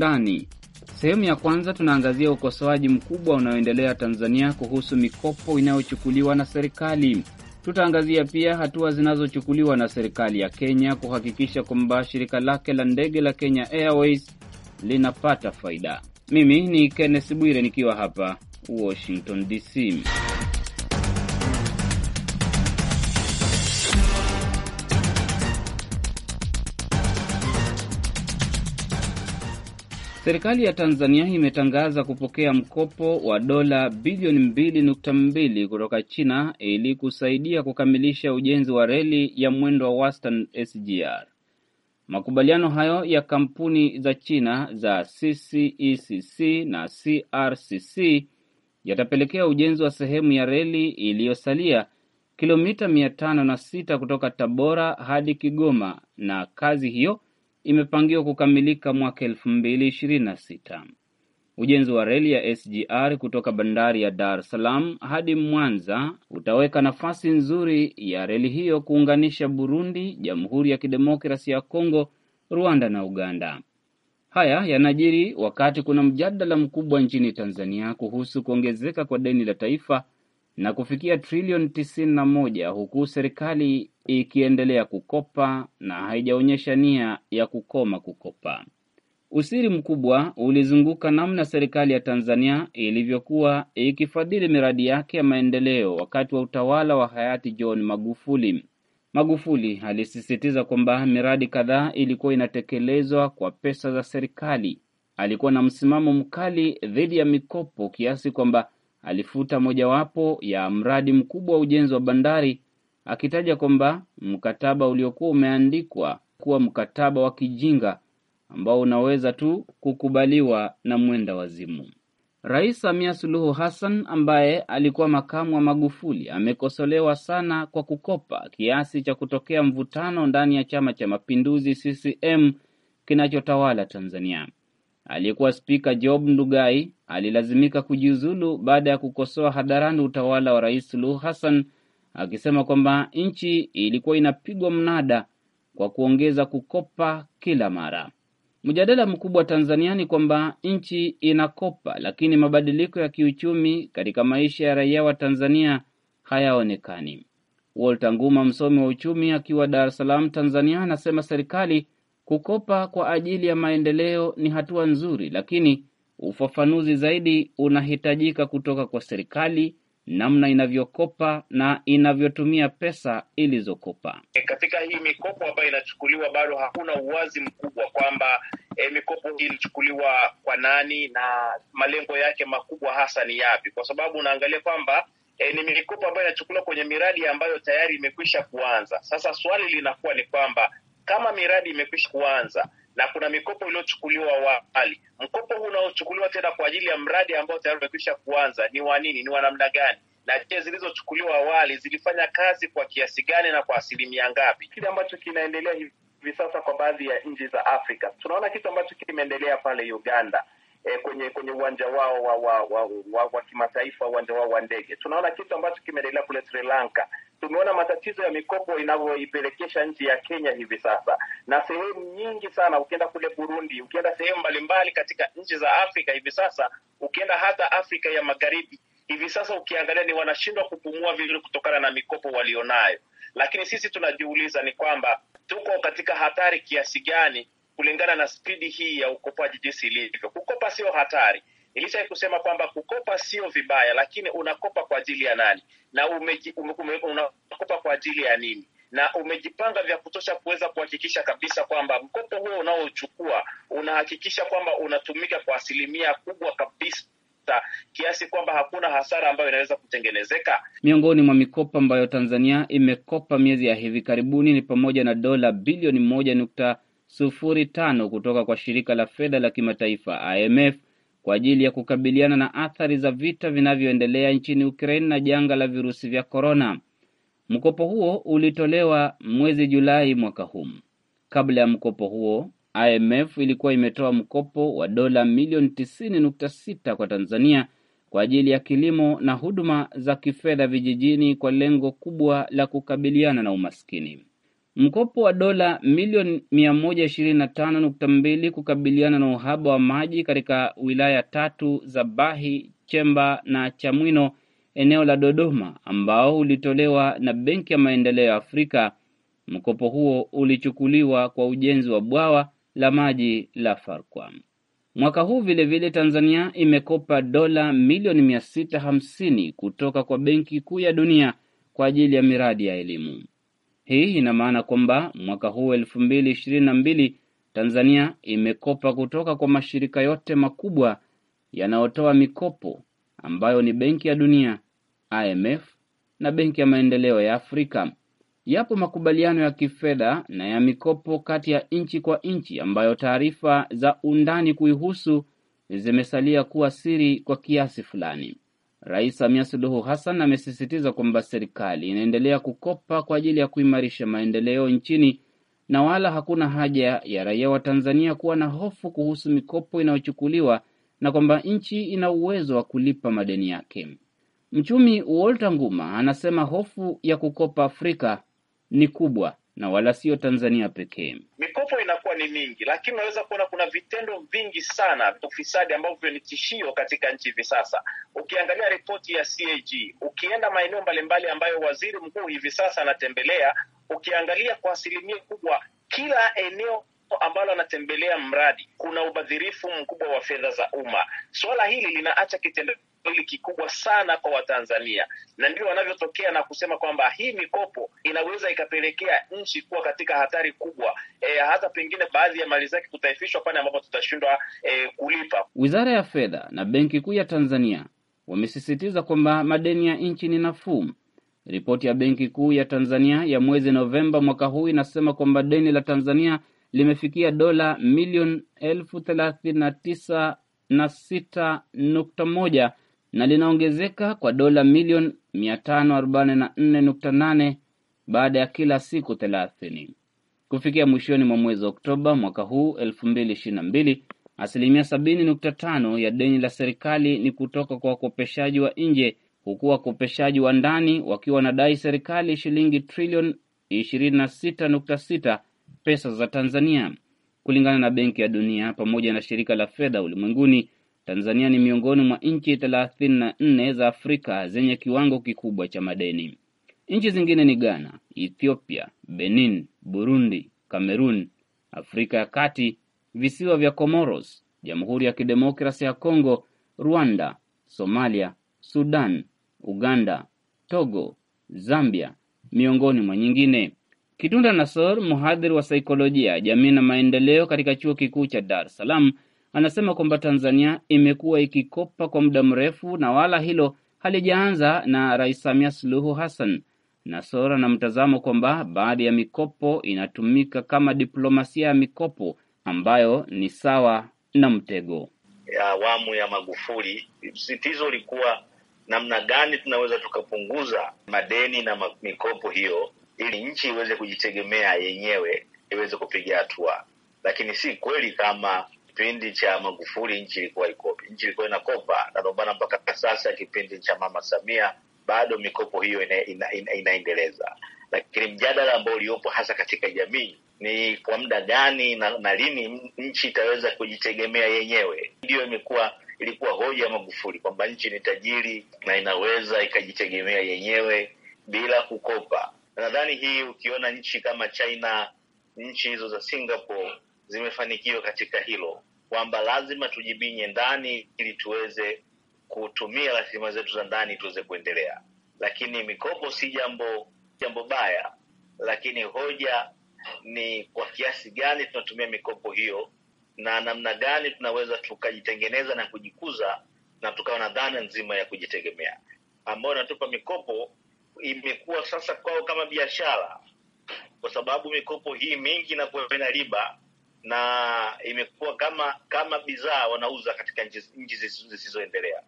undani. Sehemu ya kwanza tunaangazia ukosoaji mkubwa unaoendelea Tanzania kuhusu mikopo inayochukuliwa na serikali. Tutaangazia pia hatua zinazochukuliwa na serikali ya Kenya kuhakikisha kwamba shirika lake la ndege la Kenya Airways linapata faida. Mimi ni Kenneth Bwire nikiwa hapa Washington DC. Serikali ya Tanzania imetangaza kupokea mkopo wa dola bilioni mbili nukta mbili kutoka China ili kusaidia kukamilisha ujenzi wa reli ya mwendo wa wastan SGR. Makubaliano hayo ya kampuni za China za CCECC e na CRCC yatapelekea ujenzi wa sehemu ya reli iliyosalia kilomita mia tano na sita kutoka Tabora hadi Kigoma na kazi hiyo imepangiwa kukamilika mwaka elfu mbili ishirini na sita. Ujenzi wa reli ya SGR kutoka bandari ya Dar es Salaam hadi Mwanza utaweka nafasi nzuri ya reli hiyo kuunganisha Burundi, Jamhuri ya kidemokrasi ya Kongo, Rwanda na Uganda. Haya yanajiri wakati kuna mjadala mkubwa nchini Tanzania kuhusu kuongezeka kwa deni la taifa na kufikia trilioni tisini na moja huku serikali ikiendelea kukopa na haijaonyesha nia ya kukoma kukopa. Usiri mkubwa ulizunguka namna serikali ya Tanzania ilivyokuwa ikifadhili miradi yake ya maendeleo wakati wa utawala wa hayati John Magufuli. Magufuli alisisitiza kwamba miradi kadhaa ilikuwa inatekelezwa kwa pesa za serikali. Alikuwa na msimamo mkali dhidi ya mikopo kiasi kwamba alifuta mojawapo ya mradi mkubwa wa ujenzi wa bandari akitaja kwamba mkataba uliokuwa umeandikwa kuwa mkataba wa kijinga ambao unaweza tu kukubaliwa na mwenda wazimu. Rais Samia Suluhu Hassan ambaye alikuwa makamu wa Magufuli amekosolewa sana kwa kukopa kiasi cha kutokea mvutano ndani ya Chama cha Mapinduzi CCM kinachotawala Tanzania. Aliyekuwa spika Job Ndugai alilazimika kujiuzulu baada ya kukosoa hadharani utawala wa Rais Suluhu Hassan akisema kwamba nchi ilikuwa inapigwa mnada kwa kuongeza kukopa kila mara. Mjadala mkubwa Tanzania ni kwamba nchi inakopa, lakini mabadiliko ya kiuchumi katika maisha ya raia wa Tanzania hayaonekani. Walter Nguma, msomi wa uchumi, akiwa Dar es Salaam, Tanzania, anasema serikali Kukopa kwa ajili ya maendeleo ni hatua nzuri, lakini ufafanuzi zaidi unahitajika kutoka kwa serikali namna inavyokopa na inavyotumia pesa ilizokopa. E, katika hii mikopo ambayo inachukuliwa bado hakuna uwazi mkubwa kwamba e, mikopo hii ilichukuliwa kwa nani na malengo yake makubwa hasa ni yapi, kwa sababu unaangalia kwamba e, ni mikopo ambayo inachukuliwa kwenye miradi ambayo tayari imekwisha kuanza. Sasa swali linakuwa ni kwamba kama miradi imekwisha kuanza na kuna mikopo iliyochukuliwa awali, mkopo huu unaochukuliwa tena kwa ajili ya mradi ambao tayari umekwisha kuanza ni wa nini? Ni wa namna gani? na je, zilizochukuliwa awali zilifanya kazi kwa kiasi gani na kwa asilimia ngapi? Kile ambacho kinaendelea hivi sasa kwa baadhi ya nchi za Afrika, tunaona kitu ambacho kimeendelea pale Uganda e, kwenye kwenye uwanja wao wa wa, wa, wa, wa kimataifa, uwanja wao wa ndege. Tunaona kitu ambacho kimeendelea kule Sri Lanka tumeona matatizo ya mikopo inavyoipelekesha nchi ya Kenya hivi sasa, na sehemu nyingi sana, ukienda kule Burundi, ukienda sehemu mbalimbali katika nchi za Afrika hivi sasa, ukienda hata Afrika ya Magharibi hivi sasa, ukiangalia ni wanashindwa kupumua vizuri kutokana na mikopo walionayo. Lakini sisi tunajiuliza ni kwamba tuko katika hatari kiasi gani kulingana na spidi hii ya ukopaji jinsi ilivyo. Kukopa sio hatari Elisa kusema kwamba kukopa sio vibaya, lakini unakopa kwa ajili ya nani na umeji, ume, ume, unakopa kwa ajili ya nini na umejipanga vya kutosha kuweza kuhakikisha kabisa kwamba mkopo huo unaochukua unahakikisha kwamba unatumika kwa asilimia kubwa kabisa kiasi kwamba hakuna hasara ambayo inaweza kutengenezeka. Miongoni mwa mikopo ambayo Tanzania imekopa miezi ya hivi karibuni ni pamoja na dola bilioni moja nukta sufuri tano kutoka kwa shirika la fedha la kimataifa IMF kwa ajili ya kukabiliana na athari za vita vinavyoendelea nchini Ukraine na janga la virusi vya korona. Mkopo huo ulitolewa mwezi Julai mwaka huu. Kabla ya mkopo huo, IMF ilikuwa imetoa mkopo wa dola milioni 90.6 kwa Tanzania kwa ajili ya kilimo na huduma za kifedha vijijini kwa lengo kubwa la kukabiliana na umaskini. Mkopo wa dola milioni mbili kukabiliana na uhaba wa maji katika wilaya tatu za Bahi, Chemba na Chamwino eneo la Dodoma ambao ulitolewa na Benki ya Maendeleo ya Afrika. Mkopo huo ulichukuliwa kwa ujenzi wa bwawa la maji la Farkwa. Mwaka huu vilevile vile Tanzania imekopa dola milioni hamsini kutoka kwa Benki Kuu ya Dunia kwa ajili ya miradi ya elimu. Hii ina maana kwamba mwaka huu elfu mbili ishirini na mbili Tanzania imekopa kutoka kwa mashirika yote makubwa yanayotoa mikopo ambayo ni Benki ya Dunia, IMF na Benki ya Maendeleo ya Afrika. Yapo makubaliano ya kifedha na ya mikopo kati ya nchi kwa nchi ambayo taarifa za undani kuihusu zimesalia kuwa siri kwa kiasi fulani. Rais Samia Suluhu Hassan amesisitiza kwamba serikali inaendelea kukopa kwa ajili ya kuimarisha maendeleo nchini na wala hakuna haja ya raia wa Tanzania kuwa na hofu kuhusu mikopo inayochukuliwa na kwamba nchi ina uwezo wa kulipa madeni yake. Mchumi Walter Nguma anasema hofu ya kukopa Afrika ni kubwa na wala sio Tanzania pekee. Mikopo inakuwa ni mingi, lakini unaweza kuona kuna vitendo vingi sana vya ufisadi ambavyo ni tishio katika nchi hivi sasa. Ukiangalia ripoti ya CAG, ukienda maeneo mbalimbali ambayo waziri mkuu hivi sasa anatembelea, ukiangalia kwa asilimia kubwa kila eneo ambalo anatembelea mradi kuna ubadhirifu mkubwa wa fedha za umma. swala hili linaacha kitendawili kikubwa sana kwa Watanzania, na ndio wanavyotokea na kusema kwamba hii mikopo inaweza ikapelekea nchi kuwa katika hatari kubwa, e, hata pengine baadhi ya mali zake kutaifishwa pale ambapo tutashindwa e, kulipa. Wizara ya Fedha na Benki Kuu ya Tanzania wamesisitiza kwamba madeni ya nchi ni nafuu. Ripoti ya Benki Kuu ya Tanzania ya mwezi Novemba mwaka huu inasema kwamba deni la Tanzania limefikia dola milioni elfu thelathini na tisa na sita nukta moja na linaongezeka kwa dola milioni mia tano arobaini na nne nukta nane baada ya kila siku thelathini. Kufikia mwishoni mwa mwezi Oktoba mwaka huu elfu mbili ishirini na mbili, asilimia sabini nukta tano ya deni la serikali ni kutoka kwa wakopeshaji wa nje, huku wakopeshaji wa ndani wakiwa wanadai serikali shilingi trilioni ishirini na sita nukta sita pesa za Tanzania. Kulingana na Benki ya Dunia pamoja na Shirika la Fedha Ulimwenguni, Tanzania ni miongoni mwa nchi 34 za Afrika zenye kiwango kikubwa cha madeni. Nchi zingine ni Ghana, Ethiopia, Benin, Burundi, Kamerun, Afrika ya Kati, visiwa vya Comoros, Jamhuri ya Kidemokrasi ya Kongo, Rwanda, Somalia, Sudan, Uganda, Togo, Zambia, miongoni mwa nyingine. Kitunda nasor mhadhiri wa saikolojia jamii na maendeleo katika chuo kikuu cha Dar es Salaam, anasema kwamba Tanzania imekuwa ikikopa kwa muda mrefu na wala hilo halijaanza na Rais Samia Suluhu Hassan. nasor ana mtazamo kwamba baadhi ya mikopo inatumika kama diplomasia ya mikopo ambayo ni sawa na mtego. Awamu ya, ya Magufuli msitizo ulikuwa namna gani tunaweza tukapunguza madeni na mikopo hiyo ili nchi iweze kujitegemea yenyewe iweze kupiga hatua, lakini si kweli kama kipindi cha Magufuli nchi ilikuwa ikopi, nchi ilikuwa inakopa, na ndio maana mpaka sasa kipindi cha Mama Samia bado mikopo hiyo ina, ina, ina, inaendeleza. Lakini mjadala ambao uliopo hasa katika jamii ni kwa muda gani na, na lini nchi itaweza kujitegemea yenyewe, ndiyo imekuwa ilikuwa hoja ya Magufuli kwamba nchi ni tajiri na inaweza ikajitegemea yenyewe bila kukopa nadhani hii ukiona nchi kama China, nchi hizo za Singapore zimefanikiwa katika hilo, kwamba lazima tujibinye ndani ili tuweze kutumia rasilimali zetu za ndani tuweze kuendelea. Lakini mikopo si jambo jambo baya, lakini hoja ni kwa kiasi gani tunatumia mikopo hiyo na namna gani tunaweza tukajitengeneza na kujikuza na tukawa na dhana nzima ya kujitegemea ambayo inatupa mikopo imekuwa sasa kwao kama biashara, kwa sababu mikopo hii mingi inakuwa na riba na imekuwa kama kama bidhaa wanauza katika nchi zisizoendelea.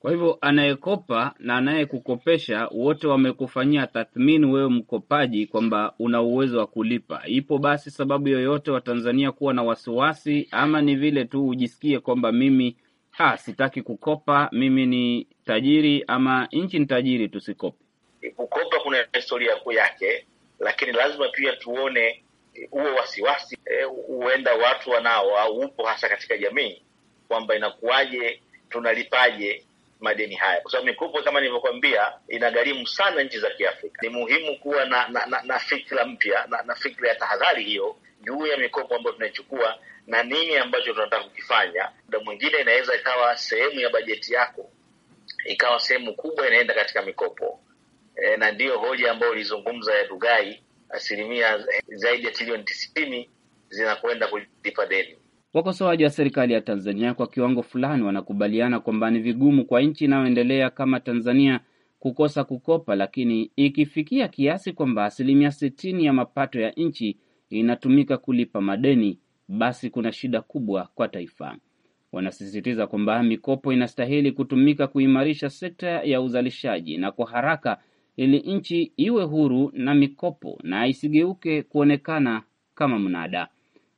Kwa hivyo anayekopa na anayekukopesha wote wamekufanyia tathmini wewe mkopaji, kwamba una uwezo wa kulipa. Ipo basi sababu yoyote Watanzania kuwa na wasiwasi, ama ni vile tu ujisikie kwamba mimi ha, sitaki kukopa, mimi ni tajiri ama nchi ni tajiri, tusikope? Kukopa kuna historia kuu yake, lakini lazima pia tuone huo e, wasiwasi e, huenda e, watu wanao au upo hasa katika jamii kwamba inakuwaje, tunalipaje madeni haya, kwa sababu mikopo kama nilivyokwambia inagharimu sana nchi za Kiafrika. Ni muhimu kuwa na na, na, na fikra mpya na, na fikra ya tahadhari hiyo juu ya mikopo ambayo tunaichukua na nini ambacho tunataka kukifanya. Muda mwingine inaweza ikawa sehemu ya bajeti yako, ikawa sehemu kubwa inaenda katika mikopo e, na ndiyo hoja ambayo ulizungumza ya Dugai, asilimia zaidi ya trilioni tisini zinakwenda kulipa deni. Wakosoaji wa serikali ya Tanzania kwa kiwango fulani wanakubaliana kwamba ni vigumu kwa nchi inayoendelea kama Tanzania kukosa kukopa, lakini ikifikia kiasi kwamba asilimia sitini ya mapato ya nchi inatumika kulipa madeni, basi kuna shida kubwa kwa taifa. Wanasisitiza kwamba mikopo inastahili kutumika kuimarisha sekta ya uzalishaji na kwa haraka ili nchi iwe huru na mikopo na isigeuke kuonekana kama mnada.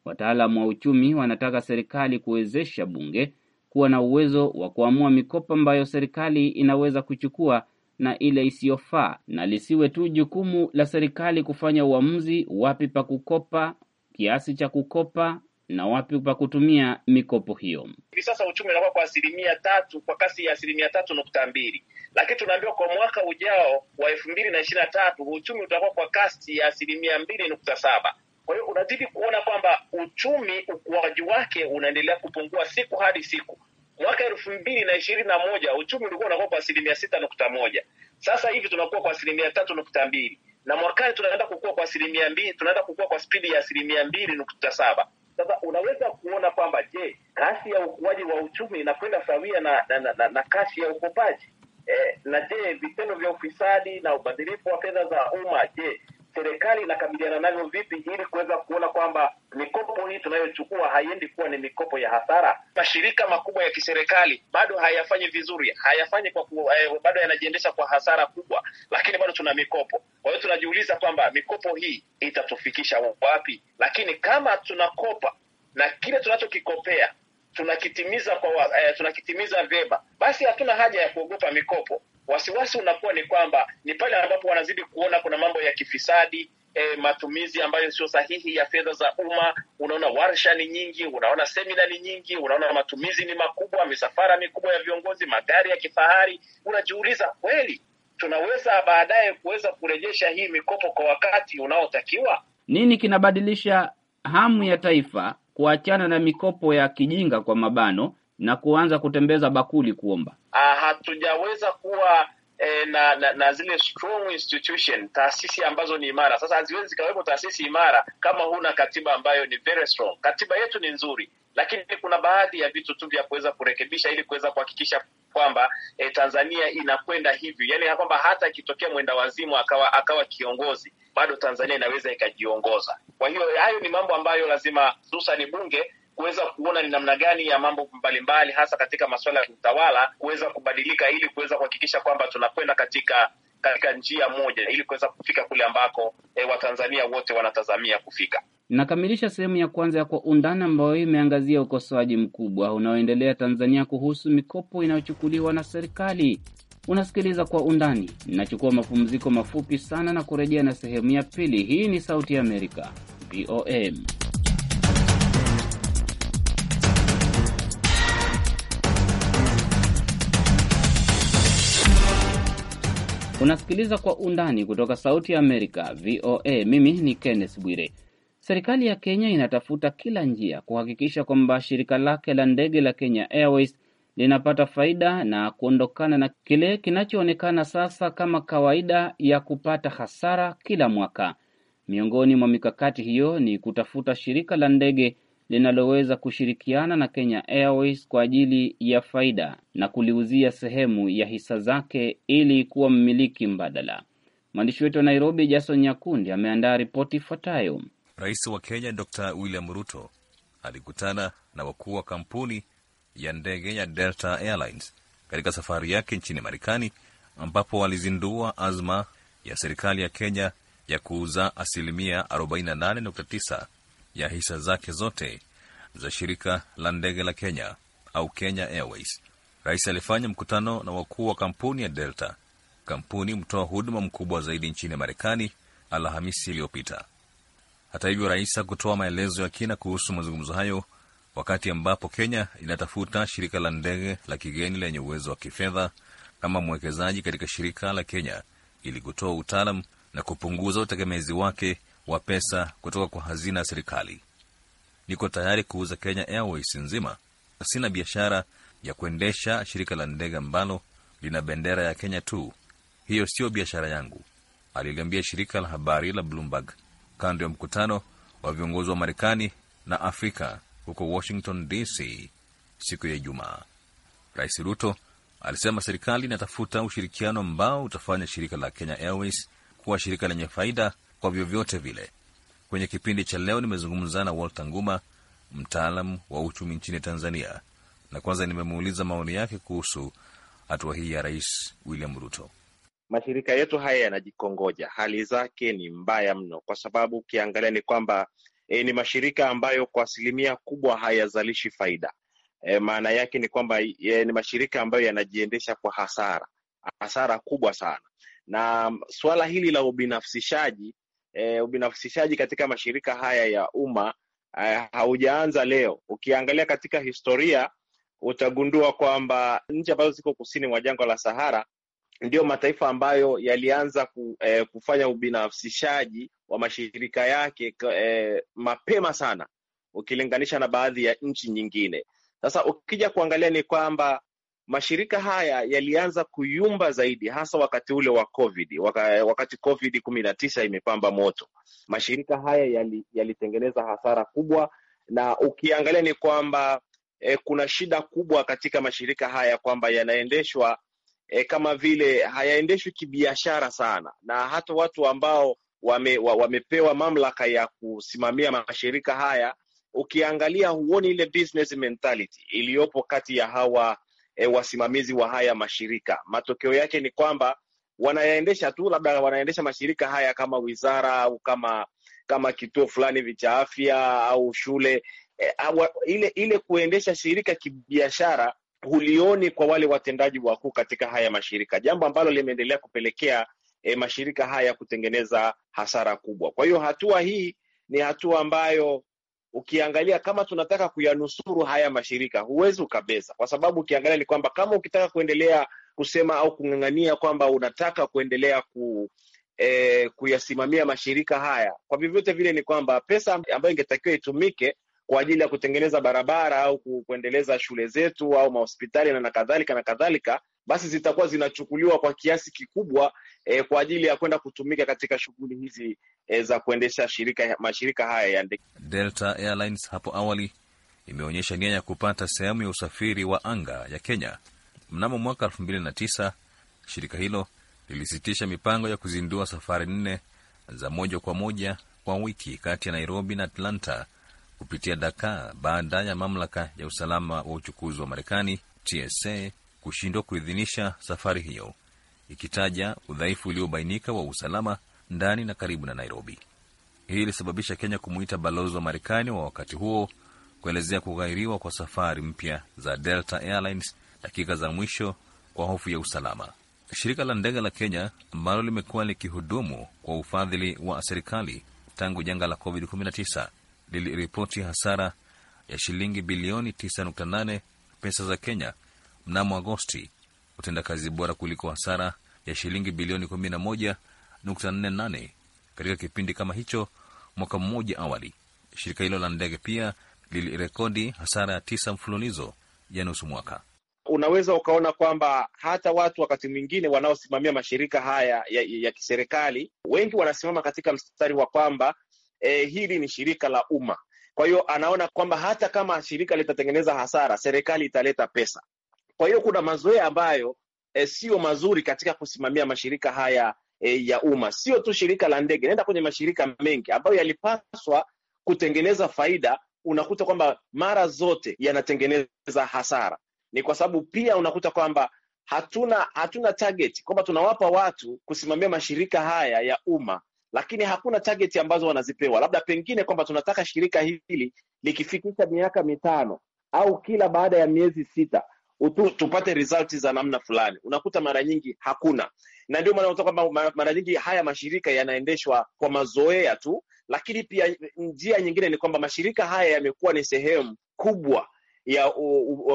Wataalamu wa uchumi wanataka serikali kuwezesha bunge kuwa na uwezo wa kuamua mikopo ambayo serikali inaweza kuchukua na ile isiyofaa, na lisiwe tu jukumu la serikali kufanya uamuzi wapi pa kukopa, kiasi cha kukopa na wapi pa kutumia mikopo hiyo. Hivi sasa uchumi unakuwa kwa asilimia tatu kwa kasi ya asilimia tatu nukta mbili lakini tunaambiwa kwa mwaka ujao wa elfu mbili na ishirini na tatu uchumi utakuwa kwa kasi ya asilimia mbili nukta saba Kwa hiyo unazidi kuona kwamba uchumi ukuaji wake unaendelea kupungua siku hadi siku. Mwaka elfu mbili na ishirini na moja uchumi ulikuwa unakuwa kwa asilimia sita nukta moja sasa hivi tunakuwa kwa asilimia tatu nukta mbili na mwakani tunaenda kukua kwa asilimia mbili tunaenda kukua kwa spidi ya asilimia mbili nukta saba sasa unaweza kuona kwamba je, kasi ya ukuaji wa uchumi inakwenda sawia na, na, na, na, na kasi ya ukopaji eh, na je vitendo vya ufisadi na ubadhirifu wa fedha za umma je serikali inakabiliana navyo vipi, ili kuweza kuona kwamba mikopo hii tunayochukua haiendi kuwa ni mikopo ya hasara. Mashirika makubwa ya kiserikali bado hayafanyi vizuri, hayafanyi kwa ku, eh, bado yanajiendesha kwa hasara kubwa, lakini bado tuna mikopo. Kwa hiyo tunajiuliza kwamba mikopo hii itatufikisha wapi? Lakini kama tunakopa na kile tunachokikopea tunakitimiza kwa eh, tunakitimiza vyema, basi hatuna haja ya kuogopa mikopo. Wasiwasi unakuwa ni kwamba ni pale wanazidi kuona kuna mambo ya kifisadi E, matumizi ambayo sio sahihi ya fedha za umma. Unaona warsha ni nyingi, unaona semina ni nyingi, unaona matumizi ni makubwa, misafara mikubwa ya viongozi, magari ya kifahari. Unajiuliza, kweli tunaweza baadaye kuweza kurejesha hii mikopo kwa wakati unaotakiwa? Nini kinabadilisha hamu ya taifa kuachana na mikopo ya kijinga kwa mabano na kuanza kutembeza bakuli kuomba? Ah, hatujaweza kuwa eh, na, na na zile strong institution, taasisi ambazo ni imara. Sasa haziwezi zikawepo taasisi imara kama huna katiba ambayo ni very strong. Katiba yetu ni nzuri, lakini kuna baadhi ya vitu tu vya kuweza kurekebisha ili kuweza kuhakikisha kwamba eh, Tanzania inakwenda hivyo, yani ya kwamba hata ikitokea mwenda wazimu akawa akawa kiongozi bado Tanzania inaweza ikajiongoza. Kwa hiyo hayo ni mambo ambayo lazima hususani bunge kuweza kuona ni namna gani ya mambo mbalimbali, hasa katika masuala ya utawala kuweza kubadilika, ili kuweza kuhakikisha kwamba tunakwenda katika katika njia moja ili kuweza kufika kule ambako e, Watanzania wote wanatazamia kufika. Nakamilisha sehemu ya kwanza ya Kwa Undani ambayo imeangazia ukosoaji mkubwa unaoendelea Tanzania kuhusu mikopo inayochukuliwa na serikali. Unasikiliza Kwa Undani. Nachukua mapumziko mafupi sana na kurejea na sehemu ya pili. Hii ni Sauti ya Amerika, VOA. Unasikiliza kwa undani kutoka Sauti ya Amerika, VOA. Mimi ni Kenneth Bwire. Serikali ya Kenya inatafuta kila njia kuhakikisha kwamba shirika lake la ndege la Kenya Airways linapata faida na kuondokana na kile kinachoonekana sasa kama kawaida ya kupata hasara kila mwaka. Miongoni mwa mikakati hiyo ni kutafuta shirika la ndege linaloweza kushirikiana na Kenya Airways kwa ajili ya faida na kuliuzia sehemu ya hisa zake ili kuwa mmiliki mbadala. Mwandishi wetu wa Nairobi, Jason Nyakundi, ameandaa ripoti ifuatayo. Rais wa Kenya Dr William Ruto alikutana na wakuu wa kampuni ya ndege ya Delta Airlines katika safari yake nchini Marekani, ambapo walizindua azma ya serikali ya Kenya ya kuuza asilimia 48.9 ya hisa zake zote za shirika la ndege la Kenya au Kenya Airways. Rais alifanya mkutano na wakuu wa kampuni ya Delta, kampuni mtoa huduma mkubwa zaidi nchini Marekani, Alhamisi iliyopita. Hata hivyo, rais hakutoa maelezo ya kina kuhusu mazungumzo hayo, wakati ambapo Kenya inatafuta shirika la ndege la kigeni lenye uwezo wa kifedha kama mwekezaji katika shirika la Kenya ili kutoa utaalam na kupunguza utegemezi wake wa pesa kutoka kwa hazina ya serikali. Niko tayari kuuza Kenya Airways nzima. Sina biashara ya kuendesha shirika la ndege ambalo lina bendera ya Kenya tu. Hiyo sio biashara yangu, aliliambia shirika la habari la Bloomberg kando ya mkutano wa viongozi wa Marekani na Afrika huko Washington DC siku ya Ijumaa. Rais Ruto alisema serikali inatafuta ushirikiano ambao utafanya shirika la Kenya Airways kuwa shirika lenye faida kwa vyovyote vile. Kwenye kipindi cha leo nimezungumza na Walter Nguma, mtaalam wa uchumi nchini Tanzania, na kwanza nimemuuliza maoni yake kuhusu hatua hii ya Rais William Ruto. Mashirika yetu haya yanajikongoja, hali zake ni mbaya mno, kwa sababu ukiangalia ni kwamba e, ni mashirika ambayo kwa asilimia kubwa hayazalishi faida. E, maana yake ni kwamba e, ni mashirika ambayo yanajiendesha kwa hasara, hasara kubwa sana. Na suala hili la ubinafsishaji e, ubinafsishaji katika mashirika haya ya umma e, haujaanza leo. Ukiangalia katika historia utagundua kwamba nchi ambazo ziko kusini mwa jangwa la Sahara ndiyo mataifa ambayo yalianza ku, e, kufanya ubinafsishaji wa mashirika yake e, mapema sana ukilinganisha na baadhi ya nchi nyingine. Sasa ukija kuangalia ni kwamba mashirika haya yalianza kuyumba zaidi, hasa wakati ule wa COVID, waka, wakati COVID kumi na tisa imepamba moto, mashirika haya yalitengeneza yali hasara kubwa, na ukiangalia ni kwamba eh, kuna shida kubwa katika mashirika haya kwamba yanaendeshwa eh, kama vile hayaendeshwi kibiashara sana, na hata watu ambao wame, wamepewa mamlaka ya kusimamia mashirika haya, ukiangalia huoni ile business mentality iliyopo kati ya hawa e, wasimamizi wa haya mashirika. Matokeo yake ni kwamba wanayaendesha tu, labda wanaendesha mashirika haya kama wizara au kama kama kituo fulani hivi cha afya au shule e, awa, ile ile kuendesha shirika kibiashara hulioni kwa wale watendaji wakuu katika haya mashirika, jambo ambalo limeendelea kupelekea e, mashirika haya kutengeneza hasara kubwa. Kwa hiyo hatua hii ni hatua ambayo ukiangalia kama tunataka kuyanusuru haya mashirika, huwezi ukabeza, kwa sababu ukiangalia ni kwamba kama ukitaka kuendelea kusema au kung'ang'ania kwamba unataka kuendelea ku E, kuyasimamia mashirika haya kwa vyovyote vile, ni kwamba pesa ambayo ingetakiwa itumike kwa ajili ya kutengeneza barabara au kuendeleza shule zetu au mahospitali na kadhalika na kadhalika, basi zitakuwa zinachukuliwa kwa kiasi kikubwa e, kwa ajili ya kwenda kutumika katika shughuli hizi za kuendesha shirika, mashirika haya ya ndege. Delta Airlines hapo awali imeonyesha nia ya kupata sehemu ya usafiri wa anga ya Kenya. Mnamo mwaka 2009 shirika hilo lilisitisha mipango ya kuzindua safari nne za moja kwa moja kwa wiki kati ya Nairobi na Atlanta kupitia Dakar baada ya mamlaka ya usalama wa uchukuzi wa Marekani TSA kushindwa kuidhinisha safari hiyo, ikitaja udhaifu uliobainika wa usalama ndani na karibu na Nairobi. Hii ilisababisha Kenya kumwita balozi wa Marekani wa wakati huo kuelezea kughairiwa kwa safari mpya za Delta Airlines dakika za mwisho kwa hofu ya usalama. Shirika la ndege la Kenya ambalo limekuwa likihudumu kwa ufadhili wa serikali tangu janga la COVID-19 liliripoti hasara ya shilingi bilioni 9.8 pesa za Kenya mnamo Agosti, utendakazi bora kuliko hasara ya shilingi bilioni 11 katika kipindi kama hicho mwaka mmoja awali. Shirika hilo la ndege pia lilirekodi hasara ya tisa mfululizo ya nusu mwaka. Unaweza ukaona kwamba hata watu wakati mwingine wanaosimamia mashirika haya ya, ya kiserikali wengi wanasimama katika mstari wa kwamba eh, hili ni shirika la umma. Kwa hiyo anaona kwamba hata kama shirika litatengeneza hasara, serikali italeta pesa. Kwa hiyo kuna mazoea ambayo eh, siyo mazuri katika kusimamia mashirika haya e, ya umma. Sio tu shirika la ndege, naenda kwenye mashirika mengi ambayo yalipaswa kutengeneza faida, unakuta kwamba mara zote yanatengeneza hasara. Ni kwa sababu pia unakuta kwamba hatuna hatuna target kwamba tunawapa watu kusimamia mashirika haya ya umma, lakini hakuna target ambazo wanazipewa, labda pengine kwamba tunataka shirika hili likifikisha miaka mitano au kila baada ya miezi sita utu, tupate results za namna fulani. Unakuta mara nyingi hakuna, na ndio maana unakuta kwamba mara nyingi haya mashirika yanaendeshwa kwa mazoea tu, lakini pia njia nyingine ni kwamba mashirika haya yamekuwa ni sehemu kubwa ya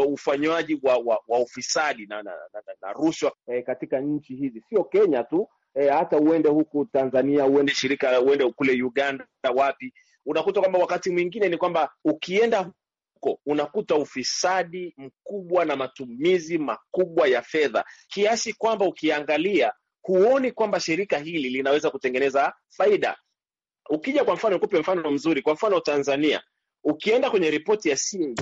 ufanywaji wa, wa, wa ufisadi na, na, na, na, na rushwa e, katika nchi hizi, sio Kenya tu e, hata uende huku Tanzania, uende shirika, uende kule Uganda, wapi unakuta kwamba wakati mwingine ni kwamba ukienda huko unakuta ufisadi mkubwa na matumizi makubwa ya fedha kiasi kwamba ukiangalia huoni kwamba shirika hili linaweza kutengeneza faida. Ukija kwa mfano, nikupe mfano mzuri. Kwa mfano Tanzania, ukienda kwenye ripoti ya CAG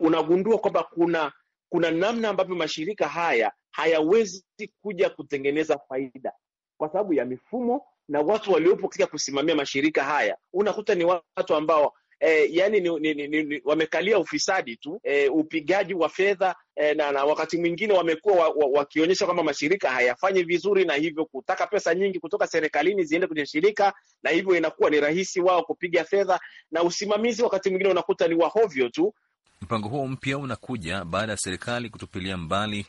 unagundua una kwamba kuna kuna namna ambavyo mashirika haya hayawezi kuja kutengeneza faida kwa sababu ya mifumo na watu waliopo katika kusimamia mashirika haya, unakuta ni watu ambao eh, yani ni, ni, ni, ni, wamekalia ufisadi tu eh, upigaji wa fedha eh, na, na wakati mwingine wamekuwa wa, wa, wakionyesha kwamba mashirika hayafanyi vizuri, na hivyo kutaka pesa nyingi kutoka serikalini ziende kwenye shirika, na hivyo inakuwa ni rahisi wao kupiga fedha, na usimamizi wakati mwingine unakuta ni wahovyo tu. Mpango huo mpya unakuja baada ya serikali kutupilia mbali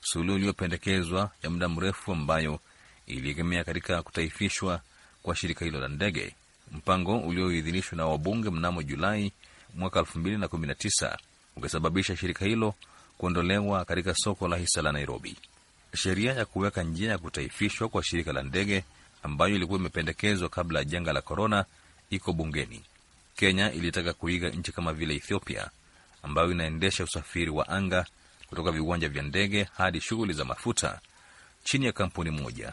suluhu iliyopendekezwa ya muda mrefu ambayo iliegemea katika kutaifishwa kwa shirika hilo la ndege. Mpango ulioidhinishwa na wabunge mnamo Julai mwaka 2019 ukasababisha shirika hilo kuondolewa katika soko la hisa la Nairobi. Sheria ya kuweka njia ya kutaifishwa kwa shirika la ndege ambayo ilikuwa imependekezwa kabla ya janga la korona iko bungeni. Kenya ilitaka kuiga nchi kama vile Ethiopia ambayo inaendesha usafiri wa anga kutoka viwanja vya ndege hadi shughuli za mafuta chini ya kampuni moja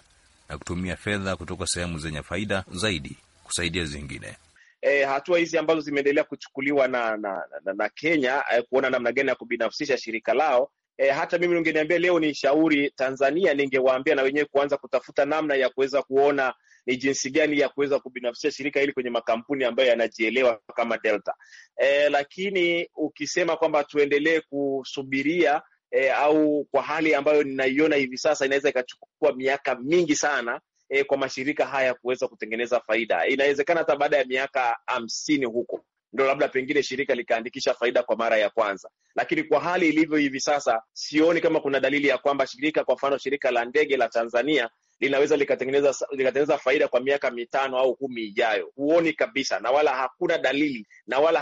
na kutumia fedha kutoka sehemu zenye faida zaidi kusaidia zingine. E, hatua hizi ambazo zimeendelea kuchukuliwa na, na, na, na Kenya eh, kuona namna gani ya kubinafsisha shirika lao eh, hata mimi ungeniambia leo ni shauri Tanzania, ningewaambia na wenyewe kuanza kutafuta namna ya kuweza kuona ni jinsi gani ya kuweza kubinafsisha shirika hili kwenye makampuni ambayo yanajielewa kama Delta. E, lakini ukisema kwamba tuendelee kusubiria e, au kwa hali ambayo ninaiona hivi sasa inaweza ikachukua miaka mingi sana eh, kwa mashirika haya kuweza kutengeneza faida. Inawezekana hata baada ya miaka hamsini huko ndo labda pengine shirika likaandikisha faida kwa mara ya kwanza, lakini kwa hali ilivyo hivi sasa sioni kama kuna dalili ya kwamba shirika, kwa mfano shirika la ndege la Tanzania linaweza likatengeneza likatengeneza faida kwa miaka mitano au kumi ijayo. Huoni kabisa na wala hakuna dalili na wala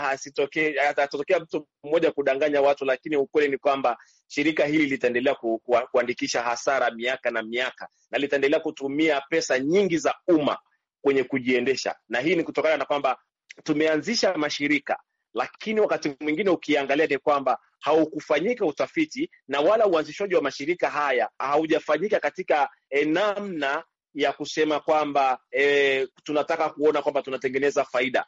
hatatokea mtu mmoja kudanganya watu, lakini ukweli ni kwamba shirika hili litaendelea ku, ku, kuandikisha hasara miaka na miaka na litaendelea kutumia pesa nyingi za umma kwenye kujiendesha, na hii ni kutokana na kwamba tumeanzisha mashirika, lakini wakati mwingine ukiangalia ni kwamba haukufanyika utafiti na wala uanzishwaji wa mashirika haya haujafanyika katika e, namna ya kusema kwamba e, tunataka kuona kwamba tunatengeneza faida.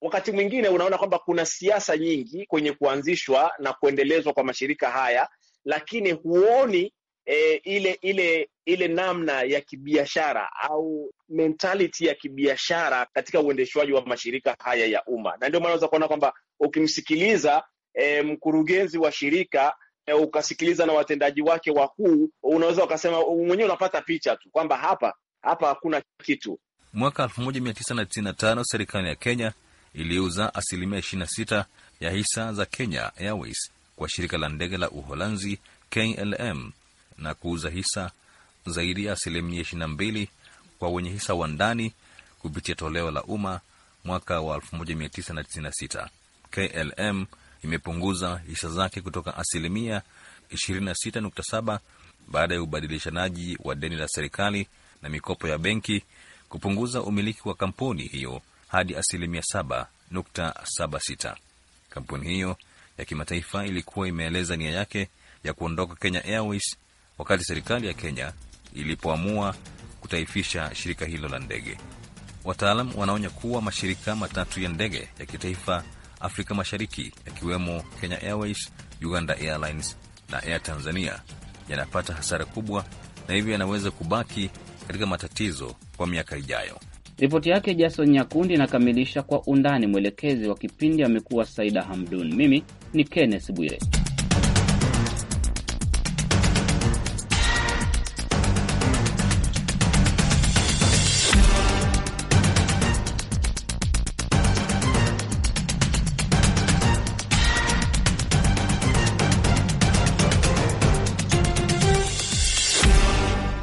Wakati mwingine unaona kwamba kuna siasa nyingi kwenye kuanzishwa na kuendelezwa kwa mashirika haya, lakini huoni e, ile ile ile namna ya kibiashara au mentality ya kibiashara katika uendeshwaji wa mashirika haya ya umma, na ndio maana unaweza kuona kwamba ukimsikiliza e, mkurugenzi wa shirika e, ukasikiliza na watendaji wake wakuu, unaweza ukasema mwenyewe unapata picha tu kwamba hapa hapa hakuna kitu. Mwaka 1995 serikali ya Kenya iliuza asilimia 26 ya hisa za Kenya Airways kwa shirika la ndege la Uholanzi KLM na kuuza hisa zaidi ya asilimia 22 kwa wenye hisa wa ndani kupitia toleo la umma mwaka wa 1996. KLM imepunguza hisa zake kutoka asilimia 26.7 baada ya ubadilishanaji wa deni la serikali na mikopo ya benki kupunguza umiliki wa kampuni hiyo hadi asilimia 7.76. Kampuni hiyo ya kimataifa ilikuwa imeeleza nia yake ya kuondoka Kenya Airways wakati serikali ya Kenya ilipoamua kutaifisha shirika hilo la ndege. Wataalam wanaonya kuwa mashirika matatu ya ndege ya kitaifa Afrika Mashariki yakiwemo Kenya Airways, Uganda Airlines na Air Tanzania yanapata hasara kubwa na hivyo yanaweza kubaki katika matatizo kwa miaka ijayo. Ripoti yake Jason Nyakundi inakamilisha kwa undani. Mwelekezi wa kipindi amekuwa Saida Hamdun, mimi ni Kenneth Bwire.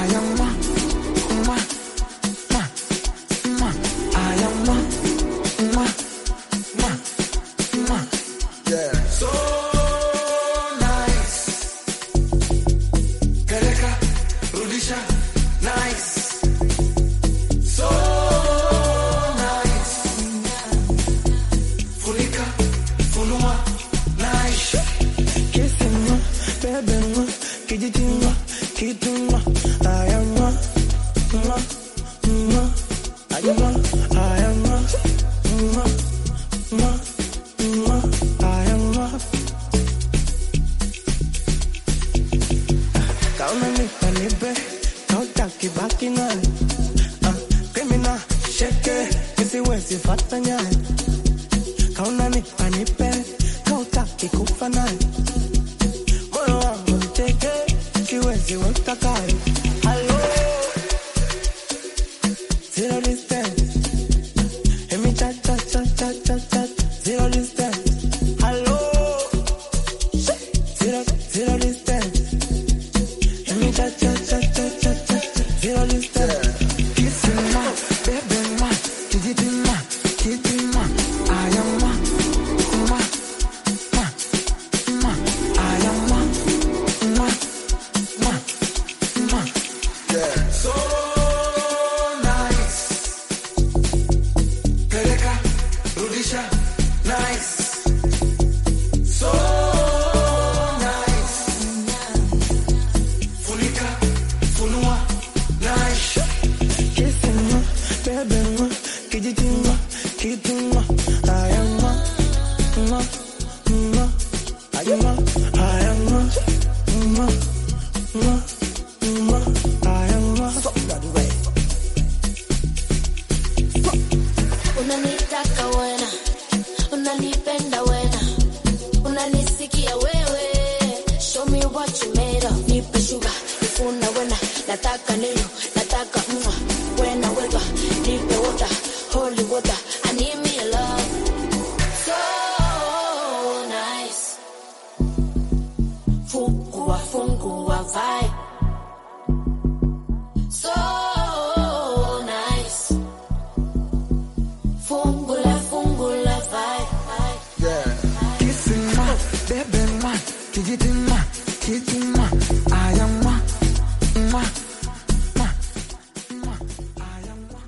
나영